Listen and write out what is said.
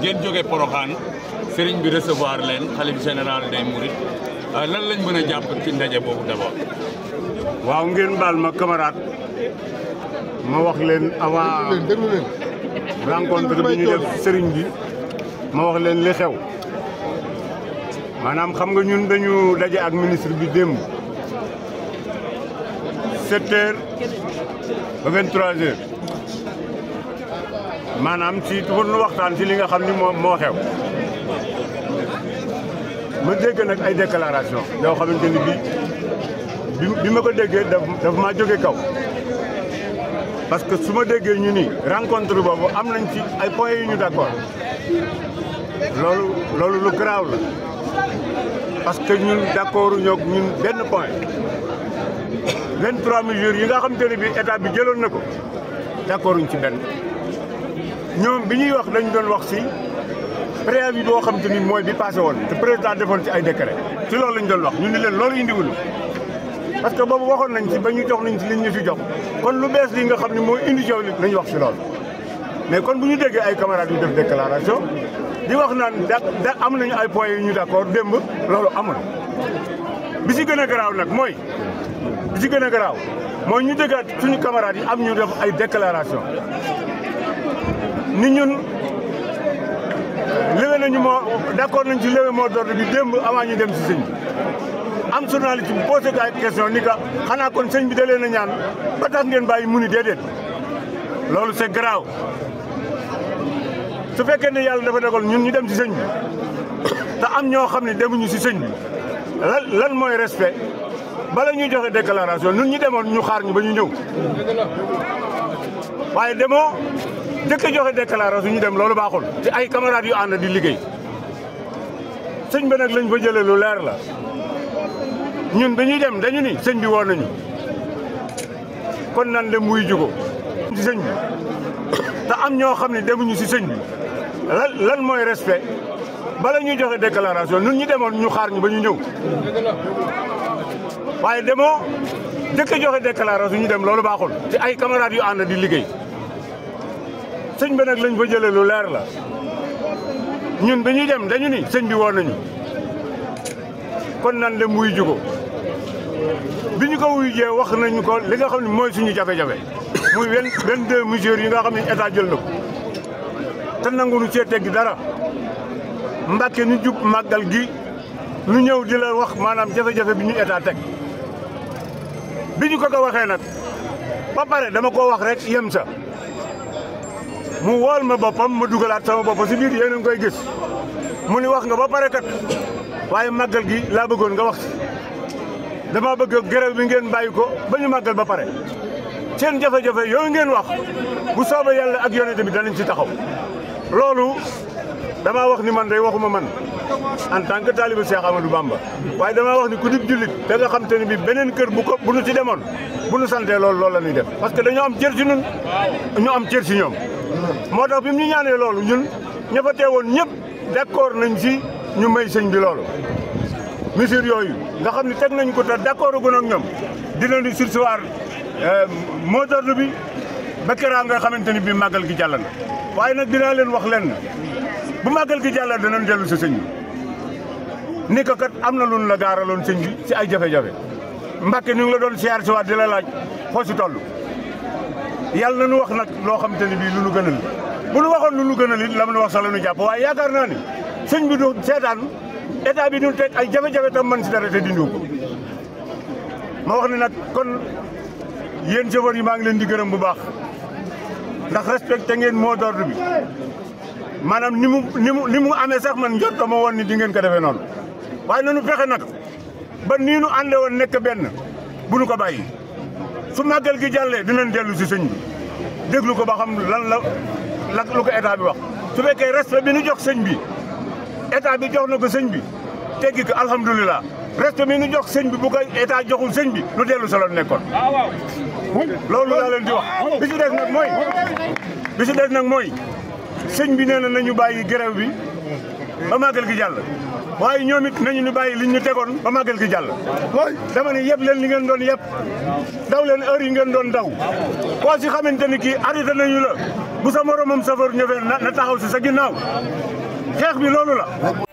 ngeen joge Porokhane sëriñ bi recevoir leen xalif général des Mourides euh, lan lañ mën a ci ndaje boobu d'abord. waaw ngeen baal ma camarade ma wax leen avant rencontre bi ñu def sëriñ bi ma wax leen li xew maanaam xam nga ñun dañu daje ak ministre bi démb sept trois maanaam ci pour nu waxtaan si li nga xam ni moo moo xew ma dégg nag ay déclaration yoo xamante ni bi bi ma ko déggee daf maa jóge kaw parce que su ma déggee ñu ni rencontre boobu am nañ ci ay points yu ñu d'accord loolu loolu lu garaaw la parce que ñun d'accord ñoo ñun benn point 23 mesures yi nga xamante ni bi état bi jëloon na ko d'accord ñu ci benn ñoom bi ñuy wax dañ doon wax si préavis boo xam te ni mooy bi passé woon te président defoon ci ay décret ci loolu lañ doon wax ñu ni leen loolu indiwul parce que boobu waxoon nañ ci ba ñu jox nañ ci liñ ñu fi jox kon lu bees li nga xam ne mooy indi coow li nañ wax si loolu mais kon bu ñu déggee ay camarades yu def déclaration di wax naan da da am nañu ay points yu ñu d'accord démb loolu amul bi si gën a garaaw nag mooy bi si gën a garaaw mooy ñu déggaat suñu camarades yi am ñu def ay déclaration ni ñun léwé nañu moo d'accord nañ ci léwé moo d'ordre bi démb avant ñu dem si sëñ am journaliste bu posé ko ay question ni ka xanaa kon sëñ bi da leen a ñaan ba tax ngeen bàyyi mu ni déedéet loolu c'est grave su fekkee ne yàlla dafa dogal ñun ñu dem si sëñ bi te am ñoo xam ne demuñu si sëñ bi lan lan mooy respe bala ñuy joxe déclaration ñun ñu demoon ñu xaar ñu ba ñu ñëw waaye demoo jëkk joxe déclaration ñu dem loolu baaxul ci ay camarades yu ànd di liggéey sëñ bi nag lañ fa jëlee lu leer la ñun bi ñuy dem dañu ni sëñ bi woon nañu kon nan dem wuy jugo ci sëñ bi te am ñoo xam ne demuñu si sëñ bi lan lan mooy respe bala ñuy joxe déclaration nun ñu demoon ñu xaar ñu ba ñu ñëw waaye demoo jëkk joxe déclaration ñu dem loolu baaxul ci ay camarades yu ànd di liggéey sëñ bi nag lañ fa jëlee lu leer la ñun bi dem dañu ni sëñ bi woon kon nan dem wuy jugo bi ñu ko wuy jee wax nañu ko li nga xam ne mooy suñu jafe-jafe muy vingt-deux mesures yi nga xam ne état jël na ko te nangu nu cee teggi dara mbàkke nu jub màggal gi ñu ñëw di la wax maanaam jafe-jafe bi ñu état teg bi ñu ko ko waxee nag ba pare dama koo wax rek yem sa mu wal ma bopam ma dugalat sama bop ci bir yeen ngoy gis mu ni wax nga ba pare kat waye magal gi la bëggoon nga wax dama beug grève bi ngeen bayiko bañu magal ba pare seen jafé jafé yo ngeen wax bu soba yalla ak yonente bi dañ ci taxaw lolu dama wax ni man day waxuma man en tant que taaliba Cheikh Amadou Bamba waaye dama wax ni ku dib julit da nga xam tane bi benen keur bu ko bu nu ci demone bu nu santee lolou lolou lañuy def parce que dañu am jër ci ñun ñu am jër ci ñom motax bimu ñaané mu loolu ñun ñafa téwon teewoon ñëpp d'accord nañ ci ñu may sëñ bi loolu monsieur yoyu nga xamni tek nañ ko te d'accord gu ak ñoom dina di surseoir euh, moderne bi bakara nga xamanteni ni bi magal gi jallal waye nak dina leen wax leen bu magal gi jàll danañ dellu si sëñ ni ko kat amna luñ la gaaraloon sëñ bi si ay jafé jafé Mbàkke ñu ngi la doon siyaar ci wa di la laaj foo si yalla nañu wax nak lo xamanteni bi bii lu nu gënal bu nu waxoon lu nu gënal it lam mu wax sax la nu jàpp waaye yaakaar ni señ bi du seetaan état bi du tek ay jafé jafé tam man ci dara te dindiw ko ma wax ni nak kon yeen jëwër yi ma ngi leen di gërëm bu baax ndax respecté ngeen mo d'ordre bi manam nimu nimu nimu amé sax man njot ma ni di ngeen ko défé non way nañu fexé nak ba ni nu andé won nek ben bu ko bayyi su màggal gi jàllee dinañ dellu si sëñ bi déglu ko ba xam lan la la lu ko état bi wax su fekkee respect bi ñu jox sëñ bi état bi jox na ko sëñ bi teggi ko alhamdulilah respect bi ñu jox sëñ bi bu ko état joxul sëñ bi lu dellu sa loon loolu laa di wax bi si des nag mooy bi si des nag mooy sëñ bi nee na nañu bàyyi grève bi ba màggal gi jàll waaye ñoom it nañu ñu bàyyi liñ ñu tegoon ba màggal gi jàll dama ne yëpp len li ngeen doon yëpp daw leen heure yi ngeen doon daw koo si xamante ni kii arrêté nañu la bu sa moromam safar ñëwee na taxaw si sa ginnaaw xeex bi loolu la